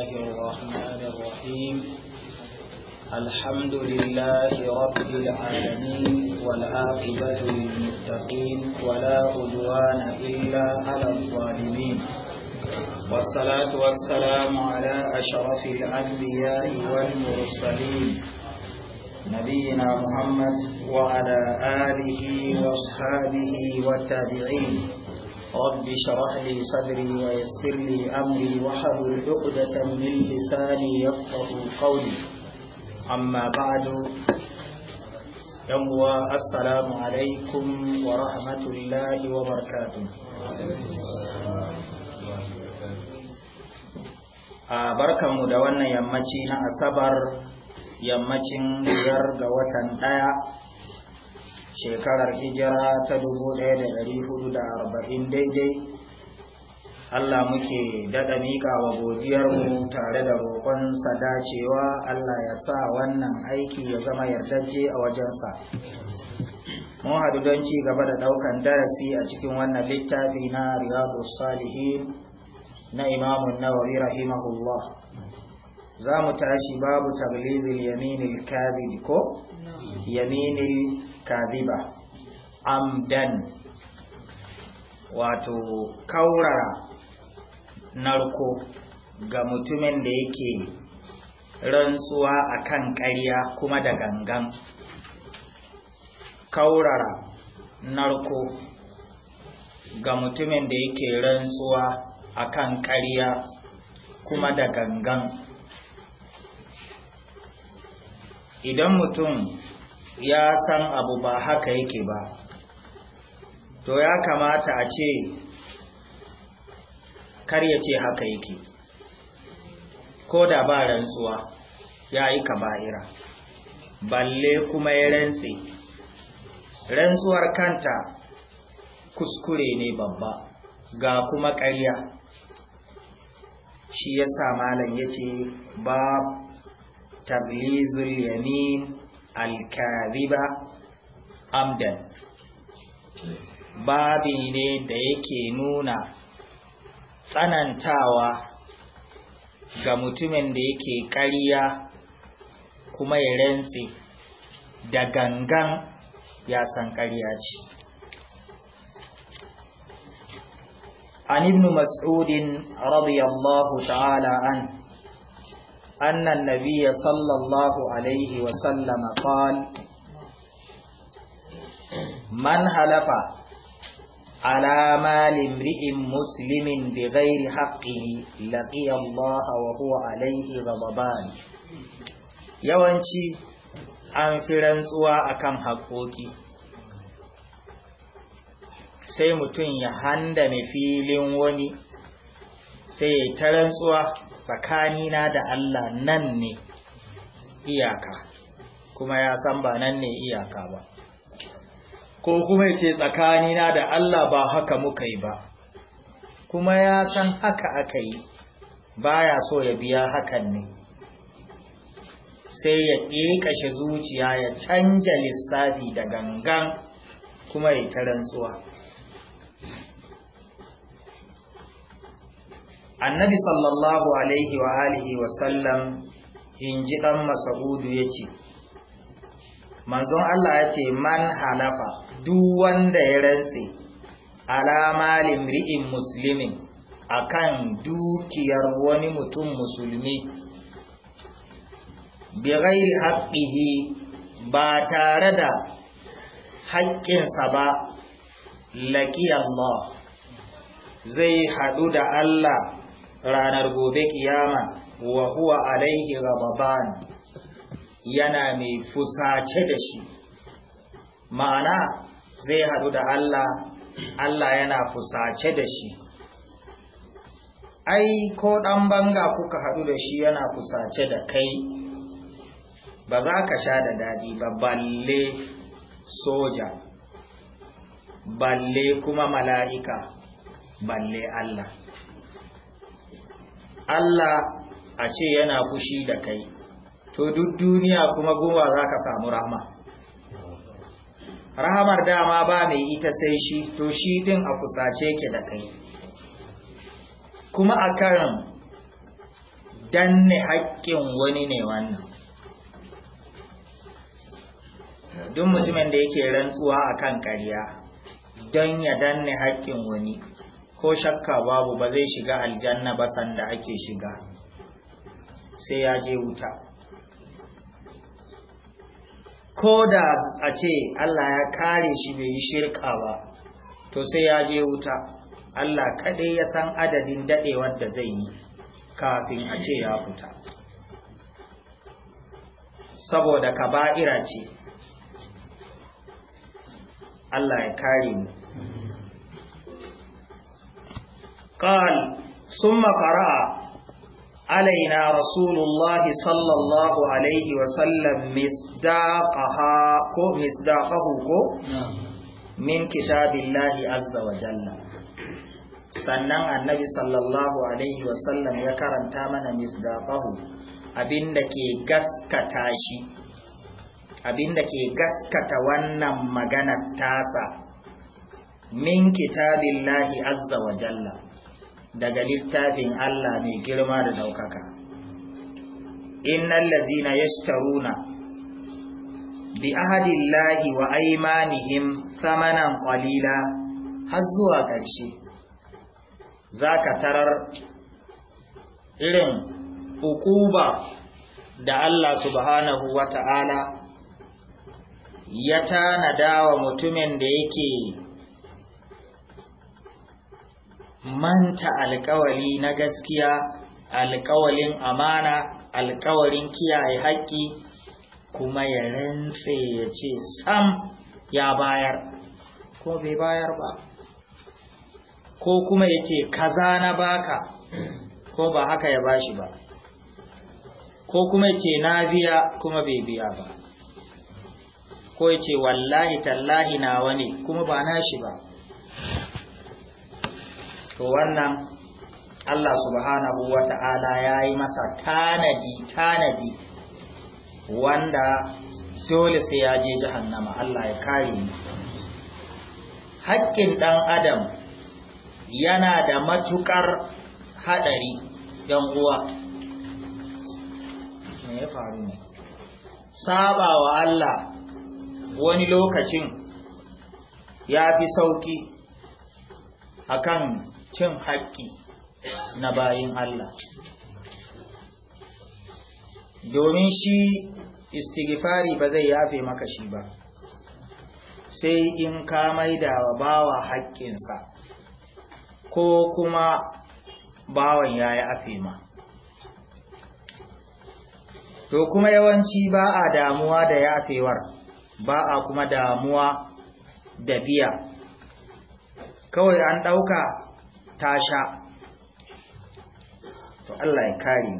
الله الرحمن الرحيم الحمد لله رب العالمين والعاقبة للمتقين ولا عدوان إلا على الظالمين والصلاة والسلام على أشرف الأنبياء والمرسلين نبينا محمد وعلى آله واصحابه والتابعين رب شرح لي صدري ويسر لي أمري وحلل عقدة من لساني يفقه قولي أما بعد يوم السلام عليكم ورحمة الله وبركاته a barkanmu da wannan yammaci na asabar yammacin biyar ga watan ɗaya shekarar hijira ta dubu ɗaya da da hudu arba'in daidai Allah muke daɗa miƙa wa godiyarmu tare da roƙon sadacewa, Allah ya sa wannan aiki ya zama yardajje a wajensa. Mun haɗu don ci gaba da ɗaukan darasi a cikin wannan littafi na Riyadu Salihin na Imamun Nawawi rahimahullah. Za mu tashi babu taglizil yaminil kadhib ko? Yaminil kaziba amdan wato kaurara narko ga mutumin da yake rantsuwa akan ƙarya kuma da gangan kaurara narko ga mutumin da yake rantsuwa akan ƙarya kuma da gangan idan mutum ya san abu ba haka yake ba to ya kamata a ce kar ya ce haka yake ko da ba rantsuwa ya yi kaba'ira balle kuma ya rantse rantsuwar kanta kuskure ne babba ga kuma karya shi ya sa malam ya ce ba tablizul yamin alkaziba amdan babi ne da yake nuna tsanantawa ga mutumin da yake ƙarya kuma ya rantse da gangan ya san ƙarya ce an ibn mas'udin radiyallahu ta'ala an أن النبي صلى الله عليه وسلم قال من هلف على مال امرئ مسلم بغير حقه لقي الله وهو عليه غضبان yawanci an fi rantsuwa akan haƙoƙi sai mutum ya handame filin wani sai ya ta rantsuwa tsakanina da Allah nan ne iyaka kuma ya san ba nan ne iyaka ba ko kuma ya ce tsakanina da Allah ba haka muka yi ba kuma ya san haka aka yi baya so ya biya hakan ne sai ya shi zuciya ya canja lissafi da gangan kuma ya tarantsuwa. rantsuwa annabi sallallahu alaihi wa alihi wa sallam ɗan masa'udu ya ce manzon Allah ya ce man halafa duk wanda ya rantse alamalin ri'in musulmin kan dukiyar wani mutum musulmi bi ghairi ba tare da haƙƙinsa ba laƙi Allah zai haɗu da Allah ranar gobe kiyama wa huwa alaihi rababan yana mai fusace da shi ma'ana zai hadu da Allah Allah yana fusace da shi ai ko dan banga kuka hadu da shi yana fusace da kai ba za ka sha da dadi ba balle soja balle kuma mala'ika balle Allah Allah a ce yana fushi da kai to duk duniya kuma goma za ka samu rahama rahamar dama ba mai ita sai shi to shi din a kusace ke da kai kuma a karin danne haƙƙin wani ne wannan duk mutumin da yake rantsuwa a kan ƙarya don ya danne haƙƙin wani ko shakka babu ba zai shiga aljanna ba sanda ake shiga sai ya je wuta ko da a ce Allah ya kare shi bai yi shirka ba to sai ya je wuta Allah kaɗai ya san adadin dadewar da zai yi kafin a ce ya fita saboda kaba'ira ce Allah ya kare mu قال ثم قرأ علينا رسول الله صلى الله عليه وسلم مصداقها كو مصداقه كو من كتاب الله عز وجل sannan annabi sallallahu alaihi wasallam ya karanta mana misdaqahu abinda ke gaskata shi abinda ke gaskata wannan magana tasa min kitabillahi azza wa jalla daga littafin Allah mai girma da daukaka inna ladhina yashtaruna bi ahadillahi wa aymanihim samanan qalila har zuwa ƙarshe zaka tarar irin ukuba da Allah subhanahu wata'ala ya tanada wa mutumin da yake manta alkawali na gaskiya alkawalin amana alkawarin kiyaye haƙƙi kuma ya rantse ya ce sam ya bayar ko bai bayar ba ko kuma ya ce kaza na baka ko ba haka ya bashi ba ko kuma ya ce na biya kuma bai biya ba ko ya ce wallahi tallahi nawa ne kuma ba na shi ba to wannan Allah subhanahu wa ta'ala ya yi masa tanadi tanadi wanda dole sai ya je jahannama Allah ya kare ni haƙƙin ɗan adam yana da matuƙar haɗari ɗan uwa me ya faru ne saba wa Allah wani lokacin ya fi sauƙi akan cin haƙƙi na bayin Allah domin shi istighfari ba zai yafe maka shi ba sai in ka maida wa bawa haƙƙinsa ko kuma bawan ya yi afe to kuma yawanci ba a damuwa da yafewar ba a kuma damuwa da biya kawai an ɗauka Tasha, to Allah ya kare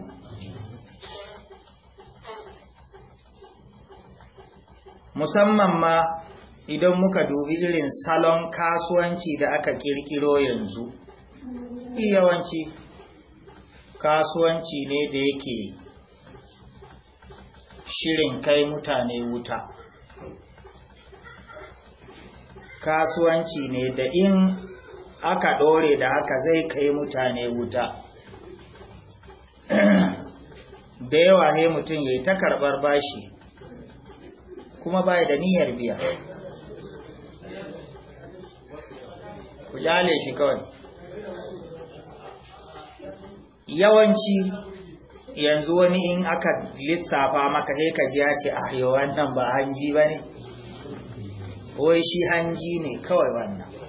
musamman ma idan muka dubi irin salon kasuwanci da aka kirkiro yanzu yawanci kasuwanci ne da yake shirin kai mutane wuta kasuwanci ne da in aka ɗore da haka zai kai mutane wuta da yawa sai mutum ya yi ta karɓar bashi kuma bai da niyyar biya ku jale shi kawai yawanci yanzu wani in aka lissafa maka he ka jiya ce a wannan ba hanji ba ne wai shi hanji ne kawai wannan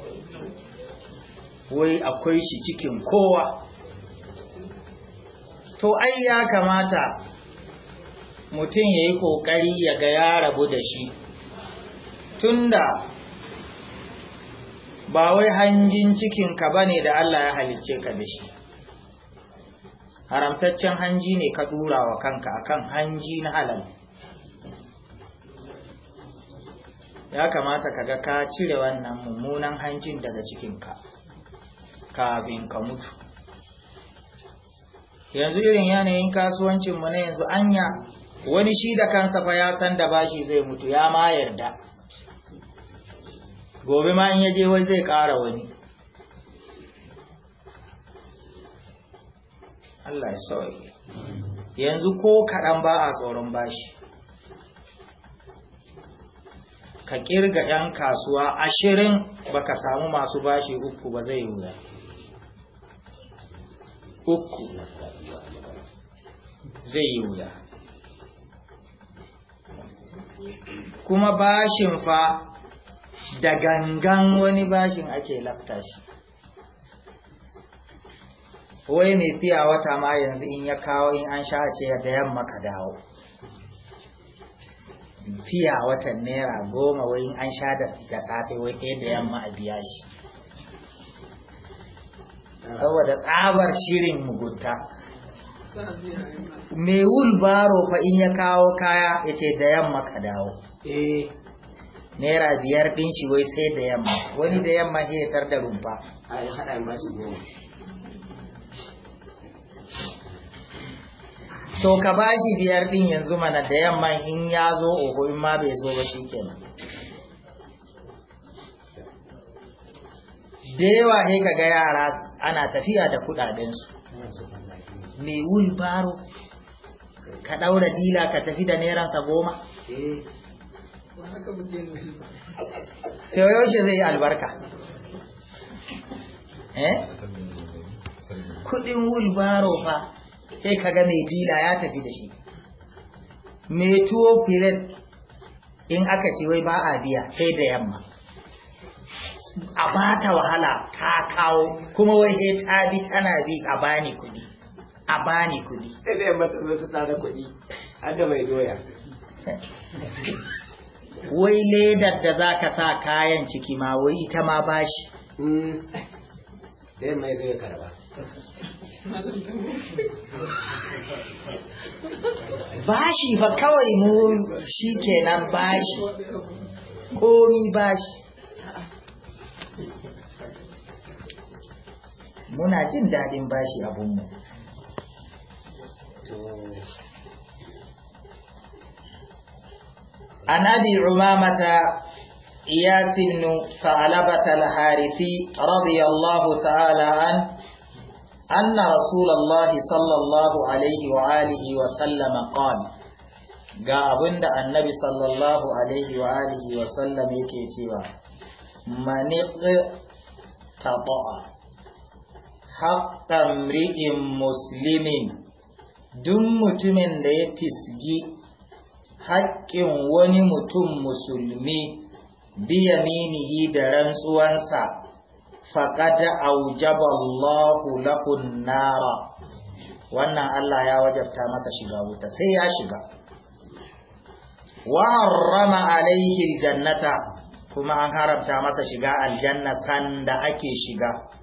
wai akwai shi cikin kowa to ai ya kamata mutum ya yi ƙoƙari ya ga ya rabu da shi tunda ba wai hanjin cikinka ba ne da Allah ya halicce ka da shi haramtaccen hanji ne ka dura wa kanka akan hanji na halal ya kamata ka ga ka cire wannan mummunan hanjin daga cikinka kafin ka mutu yanzu irin yanayin kasuwancinmu na yanzu anya wani shi da kansa fa ya san da bashi zai mutu ya ma yarda gobe ma in ya je wai zai kara wani Allah ya sauye yanzu ko kaɗan ba a tsoron bashi ka ƙirga 'yan kasuwa ashirin baka samu masu bashi uku ba zai yi wuya uku zai yi wuya kuma bashin fa da gangan wani bashin ake lafta shi wai mai fiya wata ma yanzu in ya kawo in an sha ce da yamma ka dawo fiya watan naira goma wai in an sha da safe wai ɗaya da yamma a biya shi saboda tsabar shirin mugunta mai wulbaro fa in ya kawo kaya ya ce da yamma ka dawo eh. naira biyar ɗin shi wai sai da yamma wani da yamma shi ya tar da rumfa to ka ba shi biyar ɗin yanzu mana da yamma in ya zo ogo in ma bai zo ba shi kenan da yawa ka kaga yara ana tafiya da kudadensu mai wulbaro ka daura dila ka tafi da neransa goma ta yaushe zai yi albarka eh? kudin wulbaro fa sai kaga mai dila ya tafi da shi mai tuwo filin? in aka ce wai ba a biya sai da yamma a bata wahala ta kawo kuma wai he ta bi tana bi a bani kudi a bani kudi sai da yamma ta zo ta tsada kudi har da mai doya wai ledar da za ka sa kayan ciki ma wai ita ma ba shi hmm. sai mai zai karba ba shi fa kawai mu shi kenan ba shi komi ba shi muna jin daɗin bashi abinmu an abi umamata iyas ibn sa'labat al-harithi radiyallahu ta'ala an anna Rasulallah sallallahu alaihi wa alihi wa sallama qala ga abinda annabi sallallahu alaihi wa alihi wa sallam yake cewa ta taba'a haƙƙa ri'in musulmin duk mutumin da ya fisgi haƙƙin wani mutum musulmi biya minihi da rantsuwansa faƙada aujaballahu lahun nara wannan Allah ya wajabta masa shiga wuta sai ya shiga wa harrama alaihi aljannata kuma an haramta masa shiga aljanna sanda ake shiga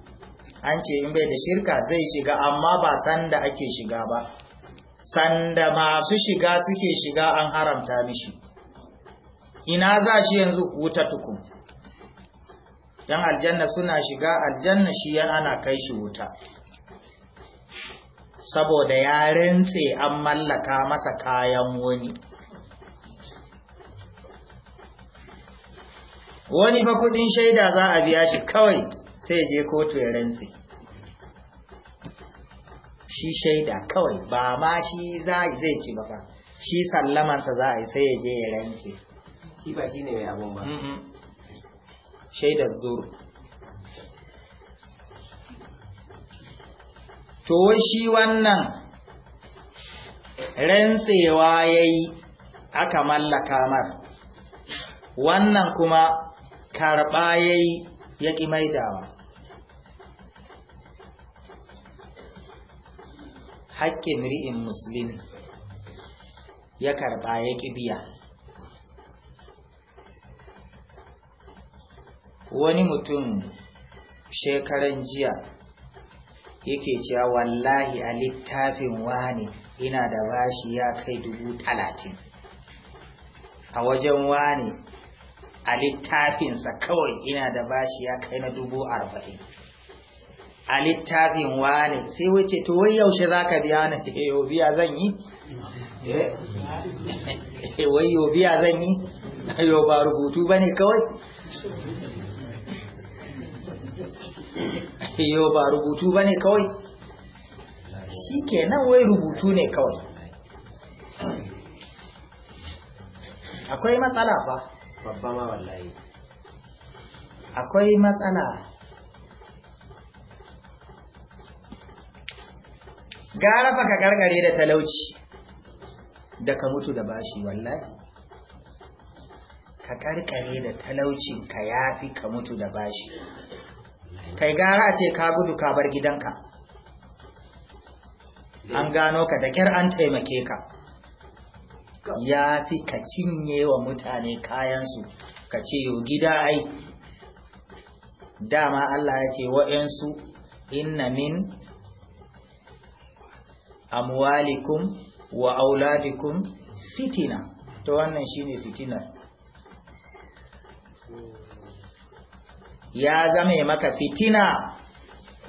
an ce in bai da shirka zai shiga amma ba sanda ake shiga ba sanda masu shiga suke shiga an haramta mishi ina za shi yanzu wuta tukun yan aljanna suna shiga aljanna shi yan ana kai shi wuta saboda ya rintse an mallaka masa kayan wani wani fa kudin shaida za a biya shi kawai sai je kotu ya rantse shi shaida kawai ba ma shi zai ci ba shi sallamansa za a yi sai ya je ya rantse shi ba shi ne mai abun ba shaidar zuru to shi wannan rantsewa ya yi aka mallaka mar wannan kuma karɓa ya yi ya ƙi maidawa haƙƙin ri'in musulmi ya karɓa ya biya. wani mutum shekaran jiya yake cewa wallahi a littafin wani ina da bashi ya kai dubu talatin a wajen wani a littafinsa kawai ina da bashi ya kai na dubu arba'in a littafin wane sai wace to wai yaushe za ka biya na ce eh, yobiya zan yi eh? Eh, wai yobiya zan yi yoba ba rubutu ba ne kawai yau ba rubutu ba ne kawai shi kenan wai rubutu ne kawai akwai matsala ba babba ma wallahi akwai matsala gara fa ka gargare da talauci da ka mutu da bashi wallahi ka karkare da talaucin ka yafi ka mutu da bashi kai gara a ce ka gudu ka bar gidanka an gano ka da kyar an taimake ka ya fi ka cinye wa mutane kayansu ka ce yau gida ai dama Allah ya ce wa'yansu inna min amwalikum wa auladikum fitina to wannan shine fitinar ya zame maka fitina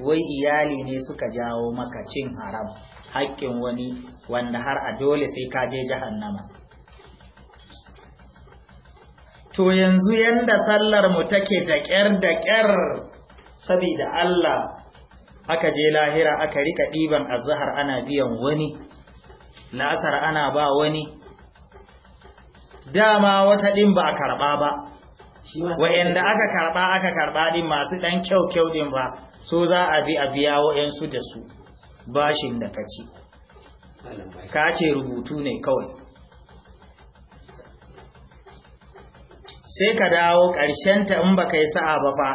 wai iyali ne suka jawo maka cin haram haƙƙin wani wanda har a dole sai ka je jahannama to yanzu yanda sallar mu take da ƙyar da ƙyar saboda Allah aka je lahira aka rika ɗiban azahar ana biyan wani la'asar ana ba wani dama wata ɗin ba a karɓa ba wa'yanda aka karɓa aka karɓa ɗin masu ɗan kyau-kyau ɗin ba so za a bi a biya wa'yansu da su bashin da ka ci ka ce rubutu ne kawai sai ka dawo ƙarshen ta in ba ka yi sa'a ba fa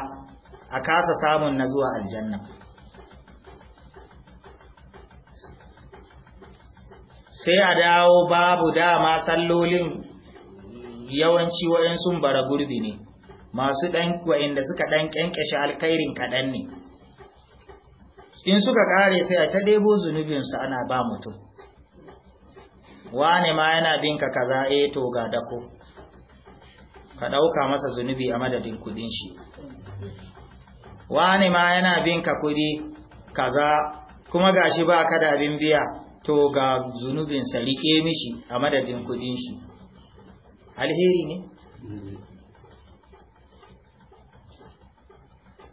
a kasa samun na zuwa aljanna sai a dawo babu dama sallolin yawanci wa'in sun bara gurbi ne masu ɗan da suka ɗan ƙyanƙyashe alkairin kaɗan ne in suka ƙare sai a ta debo zunubinsu ana ba mutum wane ma yana binka kaza eh to ga dako ka ɗauka masa zunubi a madadin kudin shi wani ma yana bin ka kudi kaza kuma gashi ba ka da abin biya to ga zunubinsa rike mishi a madadin kudin shi alheri ne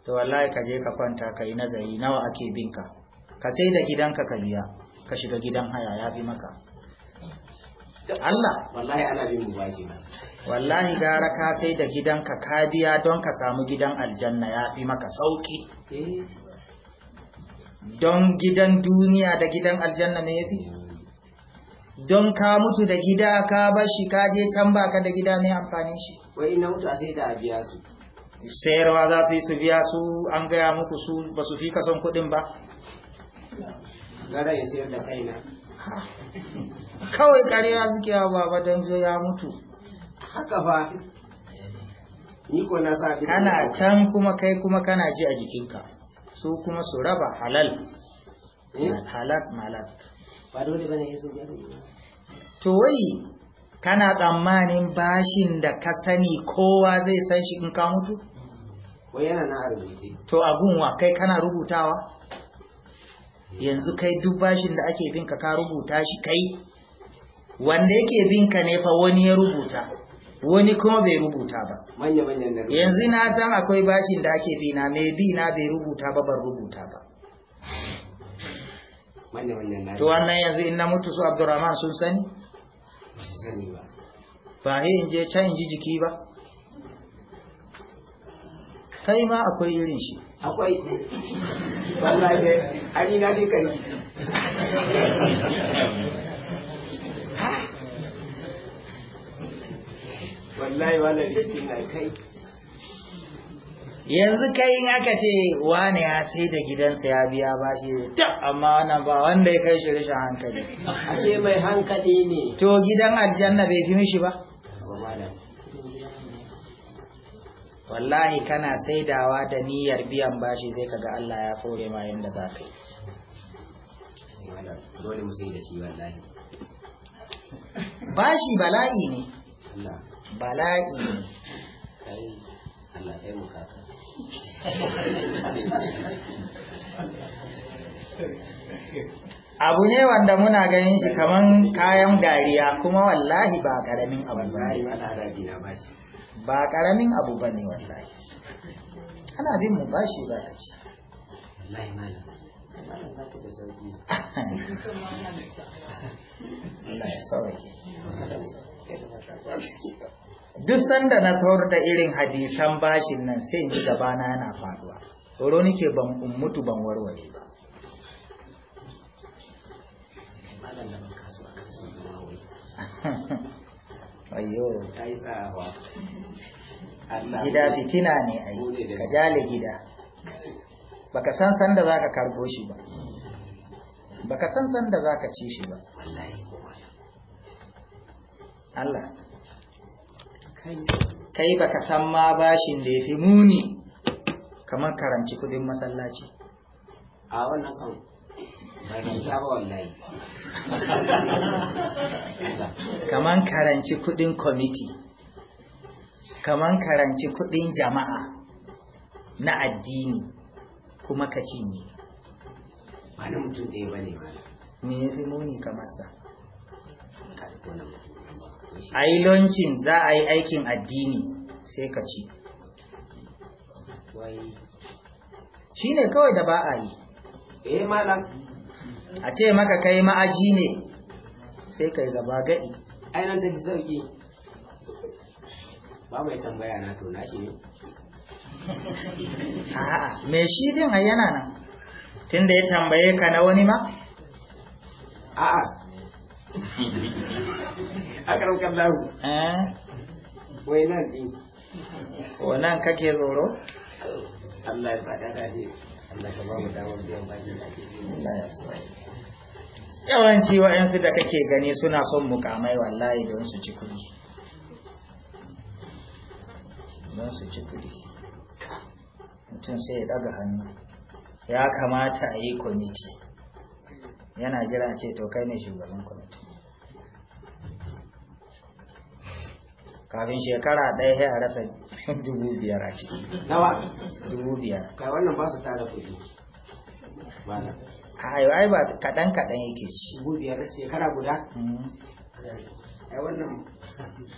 to wallahi ka je ka kwanta ka yi nazari nawa ake binka ka sai da gidanka ka biya ka shiga gidan haya ya fi maka Allah wallahi ana bin mubashi ba wallahi gara ka sai da gidanka ka biya don ka samu gidan aljanna ya fi maka sauki eh. don gidan duniya da gidan aljanna me yafi don ka mutu da gida ka bar shi ka je can baka da gida mai amfani shi wai ina mutu a sai da biya su sayarwa za su yi su biya su an gaya muku su ba su fi kason kuɗin ba gara ya sayar da kaina kawai ya suke yawa ba don zo ya mutu haka ba ni ko na sa kana can kuma kai kuma kana ji a jikinka su kuma su raba halal eh? halak malak to wai kana tsammanin bashin da ka sani kowa zai san shi in ka mutu wai yana na rubuce to agunwa kai kana rubutawa yanzu kai duk bashin da ake bin ka rubuta shi kai wanda yake bin ka ne fa wani ya rubuta wani kuma bai rubuta ba yanzu na san akwai bashin da ake bi na mai bi na bai rubuta ba ban rubuta ba to wannan yanzu in na mutu su abdurrahman sun sani ba in je can in ji jiki ba kai ma akwai irin shi akwai wallahi ari na dikari wallahi wannan rikin na kai yanzu kai in aka ce wane ya sai da gidansa ya biya ba shi da amma wannan ba wanda ya kai shi rashin hankali ce mai hankali ne to gidan aljanna bai fi mishi ba wallahi kana saidawa da niyyar biyan bashi sai kaga Allah ya fore ma yanda za ka yi shi bashi bala'i ne Allah bala'i abu ne wanda muna ganin shi kaman kayan dariya kuma wallahi ba karamin abu ba ba karamin abu ba ne wallahi ana bin mu bashi ba ka ci Allah ya sauke. duk sanda na kawar da irin hadisan bashin nan sai in ji gabana yana faruwa tsoro nike ban mutu ban warware ba gida fitina ne yi ka jale gida baka san sanda za ka karko shi ba baka san sanda za ka ci shi ba Allah kai baka san ma bashin da ya fi muni kamar karanci kudin masallaci a wannan kan kamar karanci kudin kwamiti kamar karanci kudin jama'a na addini kuma ka cinye ba na mutum ɗaya ba ne ba ne ya fi muni kamar sa a yi launcin za a yi aikin addini sai ka ci shi ne kawai da ba a yi eh, a ce maka kai ma'aji ne sai kai gaba gaɗi ainihin ta fi sauƙi ba mai tambaya na tona shi ne a'a mai shi din yana nan tun da ya tambaye ka na wani ma a'a haka raukar lahu eh? wai nan ɗin wannan kake tsoro Allah ya faɗa daɗi Allah ka ba mu damar biyan baki da ake Allah ya sa yawanci wa'yansu da kake gani suna son mukamai wallahi don su ci kudi don su ci kudi mutum sai ya daga hannu ya kamata a yi kwamiti yana jira ce to kai ne shugaban kwamitin kafin shekara ɗaya sai a rasa dubu biyar a ciki nawa dubu biyar kai wannan ba su tara kuɗi ba na ai ba kaɗan kaɗan yake ci dubu biyar shekara guda hmm. ai wannan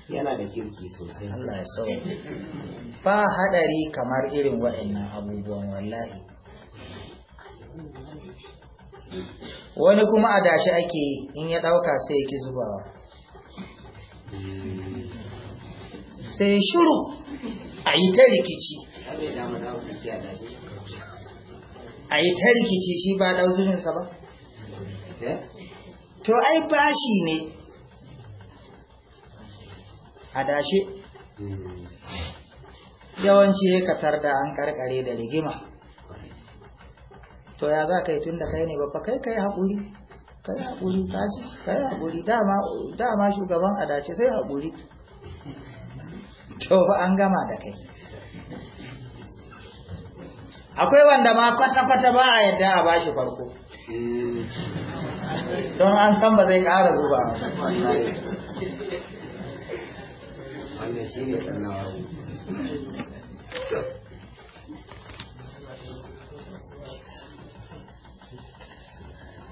yana da kirki sosai Allah ya sauya ba hadari kamar irin waɗannan abubuwan wallahi wani kuma a dashi ake in ya ɗauka sai ya ki zubawa hmm. sai shiru a yi ta rikici a yi ta rikici shi ba dauzurinsa ba to ai bashi ne a dashe yawanci ya katar da an karkare da rigima to ya za ka yi tun da kai ne babba kai kai haƙuri kai haƙuri ce kai haƙuri dama shugaban a dace sai haƙuri to an gama da kai akwai wanda ma kwata-kwata ba a yadda a bashi farko don an san ba zai ƙara zuba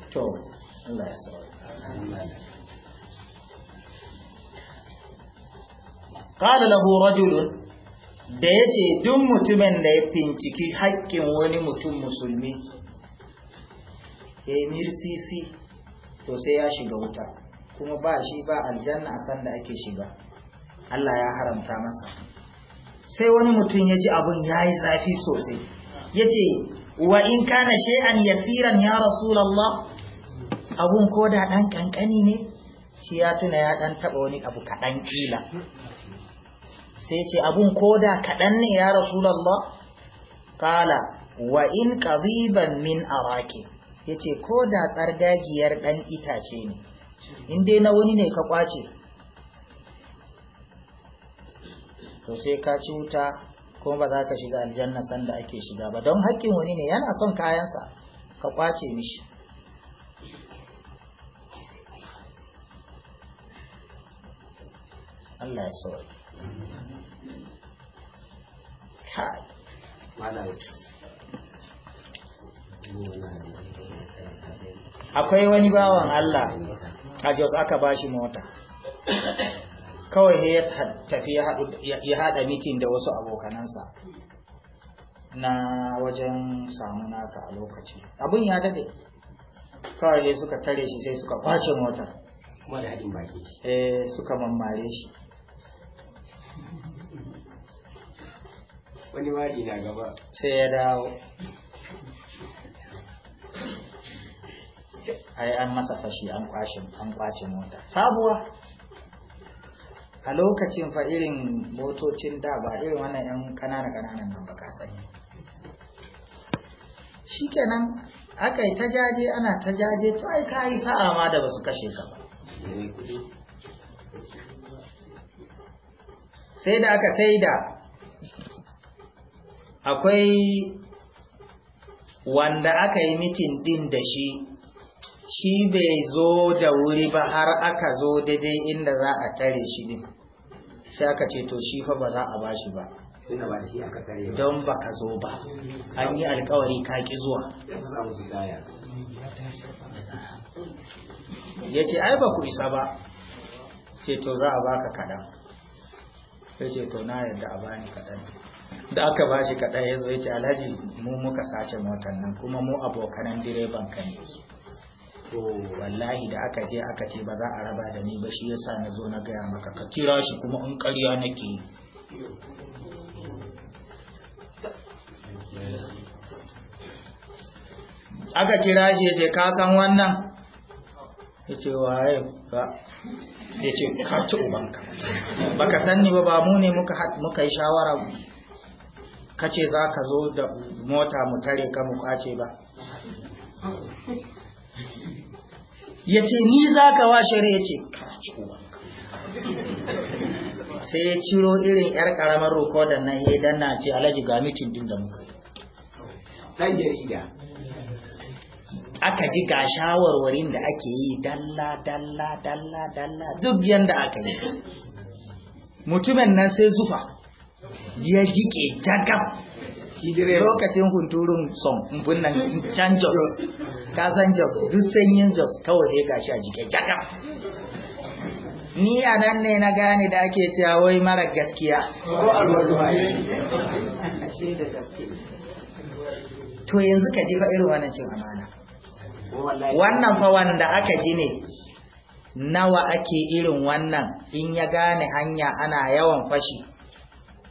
to Allah ya qala lahu rajulun da yace duk mutumin da ya finciki haƙƙin wani mutum musulmi yayi mirsisi to sai ya shiga wuta kuma ba shi ba aljanna a san ake shiga Allah ya haramta masa sai wani mutum ya ji abun ya yi zafi sosai ya ce wa in kana shay'an yasiran ya rasulallah abun ko da ɗan ƙanƙani ne shi ya tuna ya ɗan taɓa wani abu kaɗan ƙila sai ce abun koda kaɗan ne ya rasulallah kala wa in ƙaziban min araki ya ce koda tsargagiyar ɗan itace ne in dai na wani ne ka kwace to sai ka ci wuta kuma ba za ka shiga aljanna sanda ake shiga ba don haƙƙin wani ne yana son kayansa ka kwace mishi Allah ya sauwa kai akwai wani bawan Allah a Jos aka bashi mota kawai ya tafi ya haɗa mitin da wasu abokanansa na wajen samu naka a lokaci abin ya dade kawai suka tare shi sai suka kwace motar kuma da haɗin baki eh suka mammare shi wani wadi na gaba sai ya dawo ai an masa fashi an kwashe an kwace mota sabuwa a lokacin fa irin motocin da ba irin wannan yan kanana kananan nan ba ka sani shikenan aka yi ta jaje ana ta jaje to ai ka yi sa'a ma da basu kashe ka ba sai da aka sai da akwai wanda aka yi mitin din da shi shi bai zo da wuri ba har aka zo daidai inda za a tare shi din sai aka ce to shi fa ba za a bashi ba don ba ka zo ba an yi alkawari kaki zuwa ya ce ai ba ku isa ba ce to za a baka kaɗan ya ce to na yadda a bani kaɗan da aka ba shi kaɗa ya zo ya ce alhaji mu muka sace motar nan kuma mu abokanan direban ka ne to wallahi da aka je aka ce ba za a raba da ni ba shi yasa na zo na gaya maka ka kira shi kuma in ƙarya nake aka kira shi ya ce ka san wannan ya ce waye ba ya ce ka ci ubanka baka sanni ba ba mu ne muka yi shawara ka ce za ka zo da mota mu tare ka mu kwace ba ya ce ni za ka washe ya ce sai ya ciro irin yar karamar rikodar na ya na ce alaji ga mitin din da muka yi aka ji ga shawarwarin da ake yi dalla dalla dalla dalla duk yadda aka yi mutumin nan sai zufa ya jike jagab lokacin hunturun son bunnan can jos kasan jos duk sanyin jos kawai sai gashi a jike jagab ni a nan ne na gane da ake cewa wai mara gaskiya to yanzu ka ji fa irin wannan cin amana wannan fa wanda aka ji ne nawa ake irin wannan in ya gane hanya ana yawan fashi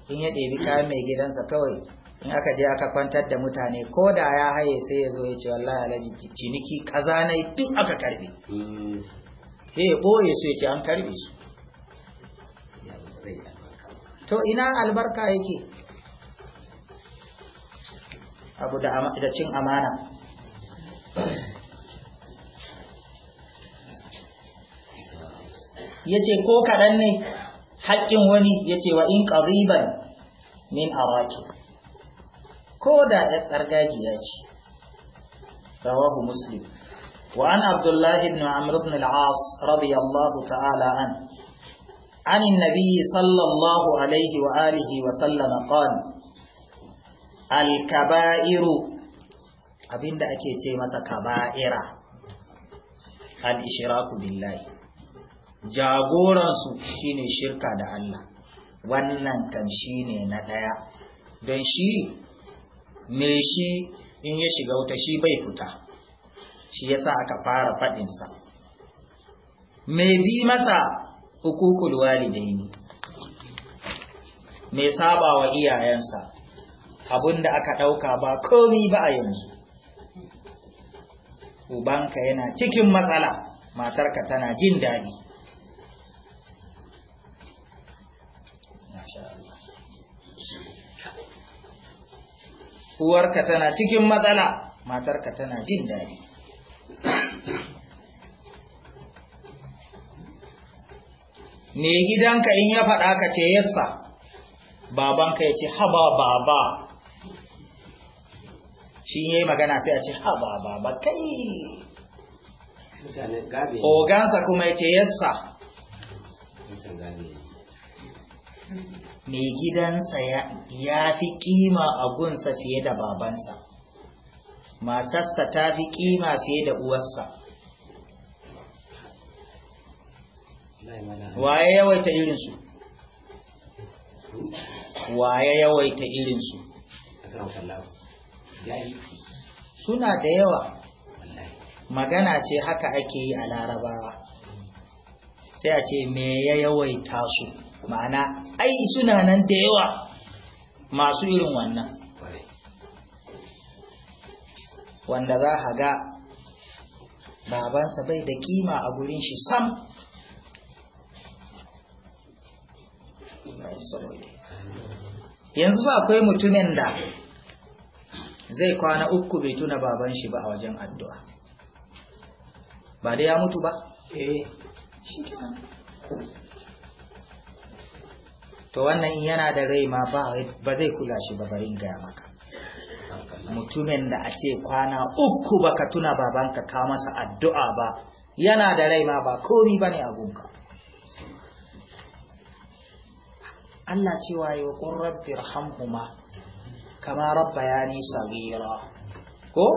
in ya ɗebi kayan mai gidansa kawai in aka je aka kwantar da mutane ko da ya haye sai ya zo ya ce wallahi alhaji ciniki kaza duk aka karbe hmm. sai ya ɓoye su ya ce an karbe su to ina albarka yake abu da cin amana ya ce ko kaɗan ne haƙƙin wani ya ce wa in ƙariban min awaki ko da ya tsargagiya ce rawahu muslim wa an abdullahi ibn amr ibn al-as radiyallahu ta'ala an عن النبي صلى الله عليه وآله وسلم قال الكبائر abinda ake ce masa kaba'ira al-ishraku billahi jagoransu shine shirka da Allah wannan kan ne na ɗaya don shi me shi in ya shiga wuta shi bai fita shi yasa aka fara faɗinsa mai bi masa hukukul walidaini mai saba wa iyayensa abinda aka ɗauka ba komi ba a yanzu ubanka yana cikin matsala matarka tana jin daɗi uwarka tana cikin matsala matarka tana jin daɗi ne gidanka in ya faɗa ka ce yassa babanka ya ce haba baba shi yi magana sai a ce haba baba kai ogansa kuma ya ce yassa mai gidansa ya fi kima a gunsa fiye da babansa matarsa ta fi kima fiye da uwarsa waye yawaita irinsu waye yawaita irinsu suna da yawa magana ce haka ake yi a larabawa sai a ce me ya yawaita su ma'ana ai suna nan da yawa masu irin wannan wanda za a ga babansa bai da kima a gurin shi sam yanzu akwai mutumin da zai kwana uku bai tuna baban shi ba a wajen addu'a ba da ya mutu ba? eh shi kenan to wannan yana da rai ma ba zai kula shi ba barin gaya maka mutumin da a ce kwana uku baka tuna babanka ka masa addu'a ba yana da rai ma ba komi bane a gunka Allah cewa yi wa kun rabbi rahamhuma kama rabba ya ko?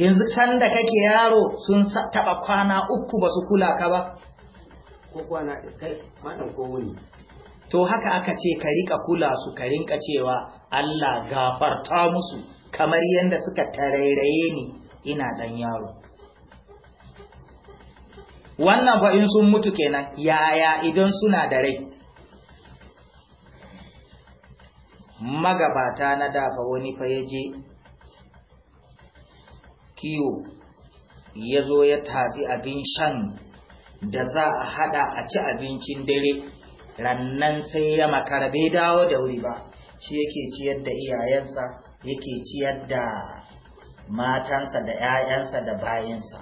yanzu sanda kake yaro sun taba kwana uku ba su kula ka ba ko kwana kai madan ko wuni to haka aka ce ka rika kula su ka rinka cewa Allah gafarta musu kamar yadda suka tarairaye ni ina dan yaro wannan fa in sun mutu kenan yaya idan suna da rai magabata na dafa wani fa yaje kiyo ya zo ya tatsi abin shan da za a hada a ci abincin dare rannan sai ya makara bai dawo da wuri ba shi yake ciyar da iyayensa yake ciyar da matansa da 'ya'yansa da bayansa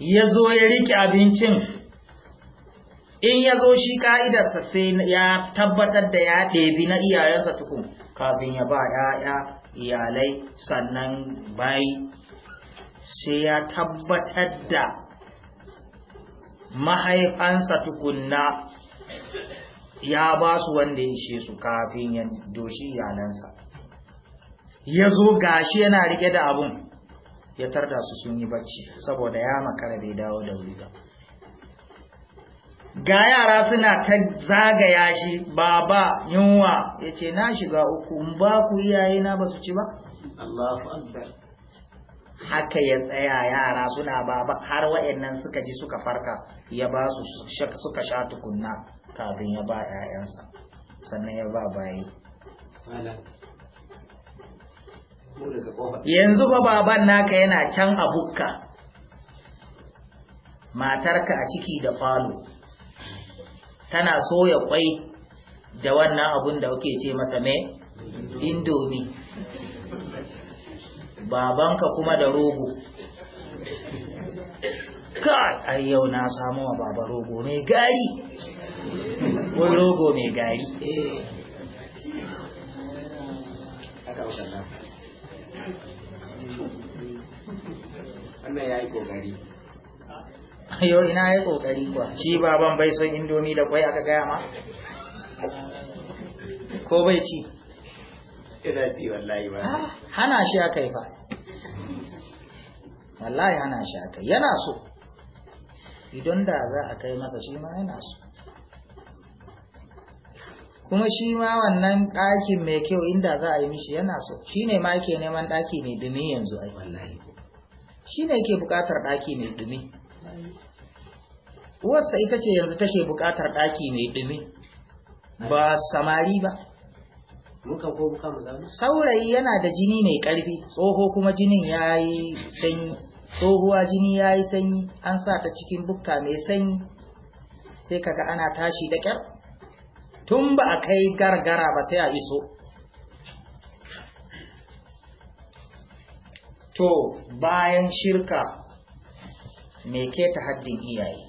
ya zo ya riƙe abincin in ya zo shi ka'idarsa sai ya tabbatar da ya ɗebi na iyayensa tukun kafin ya ba ‘ya'ya iyalai sannan bayi sai ya tabbatar da mahaifansa tukunna ya ba su wanda ya ishe su kafin ya doshi iyalansa ya zo gashi yana rike da abun ya tarda su sun yi bacci saboda ya makara bai dawo da wuri ba ga yara suna ta zagaya shi baba yunwa ya ce na shiga uku ba ku iyaye ba su ci ba Allahu Akbar haka ya tsaya yara suna baba har wa'annan suka ji suka farka ya ba su suka sha tukunna kafin ya ba 'ya'yansa sannan ya ba bayi yanzu ba baban naka yana can a bukka matarka a ciki da falo tana soya kwai da wannan abun da kuke ce masa me indomi babanka kuma da rogo kai ai yau na samu wa baba rogo mai gari wai rogo mai gari wannan ya yi kokari yau ina ya ƙoƙari kuwa shi baban bai son indomi da kwai aka gaya ma ko bai ci ina ci wallahi ba ah, hana shi aka yi wallahi ana shi aka yana so idan da za a kai masa shi ma yana so kuma shi ma wannan ɗakin mai kyau inda za a yi mishi yana so shi ne ma ke neman ɗaki mai dumi yanzu ai wallahi shi ne ke buƙatar ɗaki mai dumi uwarsa ita ce yanzu take buƙatar ɗaki mai dumi ba samari ba muka ko muka mu zauna saurayi yana da jini mai karfi tsoho kuma jinin yayi sanyi tsohuwa jini yayi sanyi an sa ta cikin bukka mai sanyi sai kaga ana tashi da kyar tun ba a kai gargara ba sai a iso to bayan shirka mai keta haddin iyaye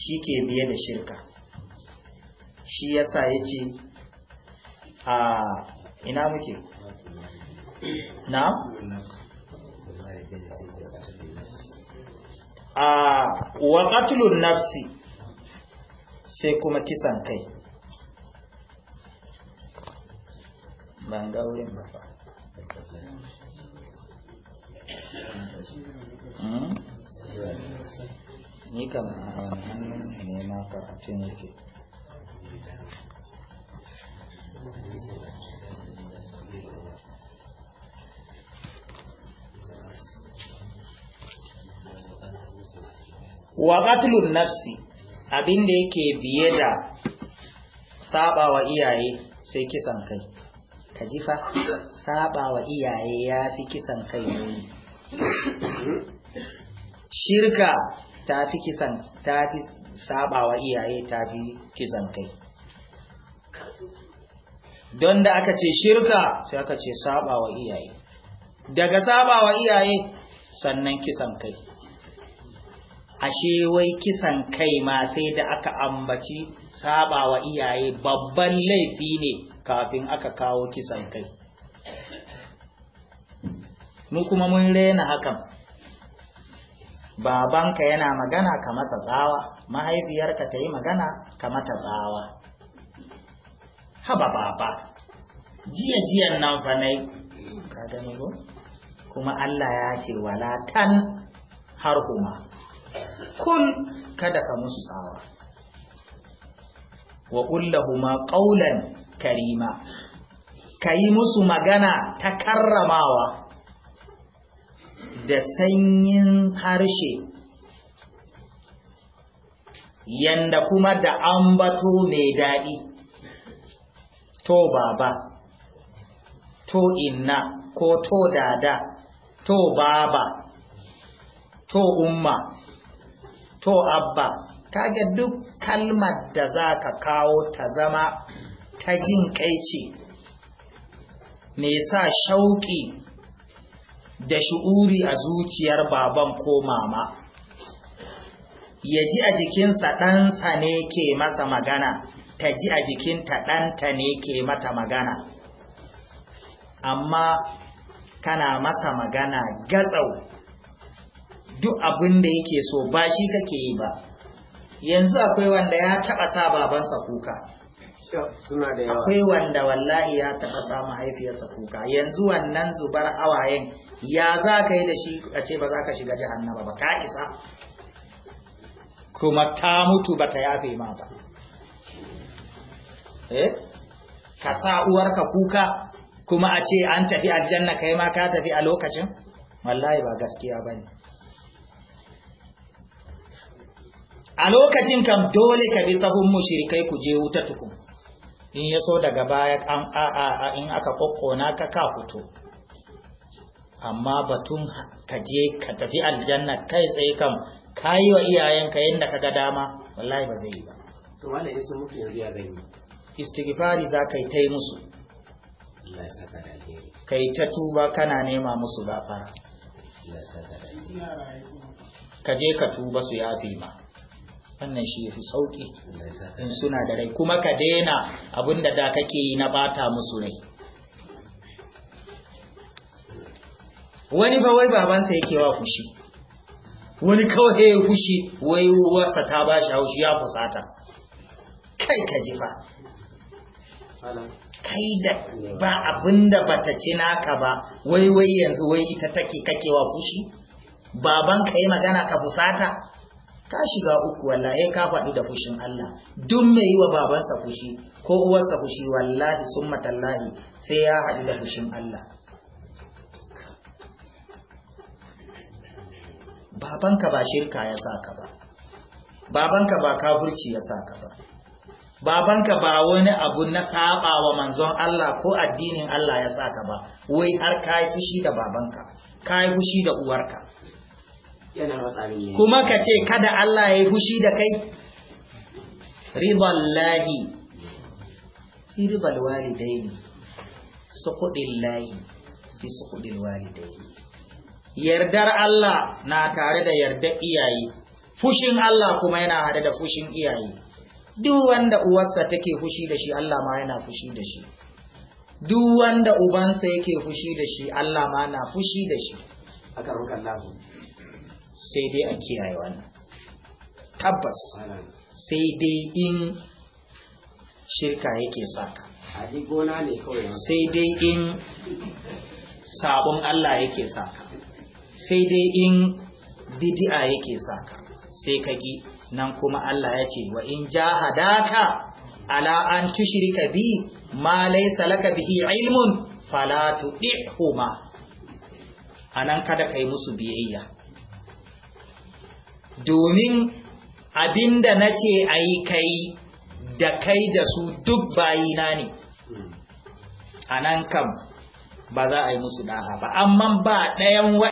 shi ke biye da shirka shi yasa ya ce a ina muke na a wa qatlun nafsi sai kuma kisan kai ban ga wurin ba fa hmm? ni kan hannun ne ma karatun yake wa qatlun nafsi abin da yake biye da sabawa iyaye sai kisan kai kaji sabawa iyaye ya fi kisan kai ne shirka ta fi kisan ta fi sabawa iyaye ta fi kisan kai don da aka ce shirka sai aka ce saba iyaye daga saba iyaye sannan kisan kai ashe wai kisan kai ma sai da aka ambaci saba iyaye babban laifi ne kafin aka kawo kisan kai mu kuma mun rena hakan babanka yana magana ka masa tsawa mahaifiyarka ta yi magana ka mata tsawa haba baba jiya jiyan nan fa nai ka gani ko kuma Allah ya ce wala tan har kuma kun kada ka musu tsawa wa kullahuma qawlan karima yi musu magana ta karramawa da sanyin harshe yanda kuma da ambato mai daɗi to baba to inna ko to dada to baba to umma to abba kaga duk kalmar da za ka kawo ta zama ta jin kai ce me sa shauƙi da shu'uri a zuciyar baban ko mama ya ji a jikinsa ɗansa ne ke masa magana ta ji a jikinta ɗanta ne ke mata magana amma kana masa magana gatsau duk abin da yake so ba shi kake yi ba yanzu akwai wanda ya taɓa sa babansa kuka akwai wanda wallahi ya taɓa sa mahaifiyarsa kuka yanzu wannan zubar awayen, ya za ka yi da shi a ce ba za ka shiga jihannaba ba ka isa kuma ta mutu ba ta yafe ma ba Eh? ka sa uwarka kuka kuma a ce an tafi aljanna kai ma ka tafi a lokacin wallahi ba gaskiya bane a lokacin kam dole ka bi sahun mushrikai ku je wuta tukun in yaso daga baya an a a, in aka kokkona ka ka fito amma batun ka je ka tafi aljanna kai tsaye kam kayi wa iyayenka yanda kaga dama wallahi ba zai yi ba to wallahi sun mutu yanzu ya istighfari za ka yi ta yi musu ka yi ta tuba kana nema musu gafara ka je ka tuba su fi ma wannan shi fi sauki in suna da rai kuma ka daina abinda da kake yi na bata musu rai wani fa wai babansa yake wa fushi wani kawai ya fushi wai wasa ta bashi haushi ya fusata kai ka ji fa kai da ba abinda bata ci naka ba wai wai yanzu wai ita take kakewa fushi baban ka yi magana ka fusata ka shiga uku wallahi ka faɗi da fushin Allah duk mai yi wa babansa fushi ko uwarsa fushi wallahi sun matallahi sai ya haɗu da fushin Allah babanka ba shirka ya saka ba babanka ba kafurci ya saka ba babanka ba wani abu na saba wa manzon Allah ko addinin Allah ya saka ba wai har ka yi fushi da babanka ka yi fushi da uwarka kuma ka ce kada Allah ya yi fushi da kai ridallahi ridal walidaini suqudillahi fi suqudil walidaini yardar Allah na tare da yardar iyaye fushin Allah kuma yana hare da fushin iyaye duk wanda uwarsa take fushi da shi Allah ma yana fushi da shi duk wanda ubansa yake fushi da shi Allah ma na fushi da shi a karukan lahu sai dai a kiyaye wannan tabbas sai dai in shirka yake saka sai dai in sabon Allah yake saka sai dai in bid'a yake saka sai kagi nan kuma Allah ya ce wa in hadaka ala an tushrika bi ma laysa laka bihi ilmun fala tudihuma anan kada kai musu biyayya domin abinda nace ayi kai da kai da su duk bayina ne anan kam ba za a yi musu daha ba amma ba ɗayan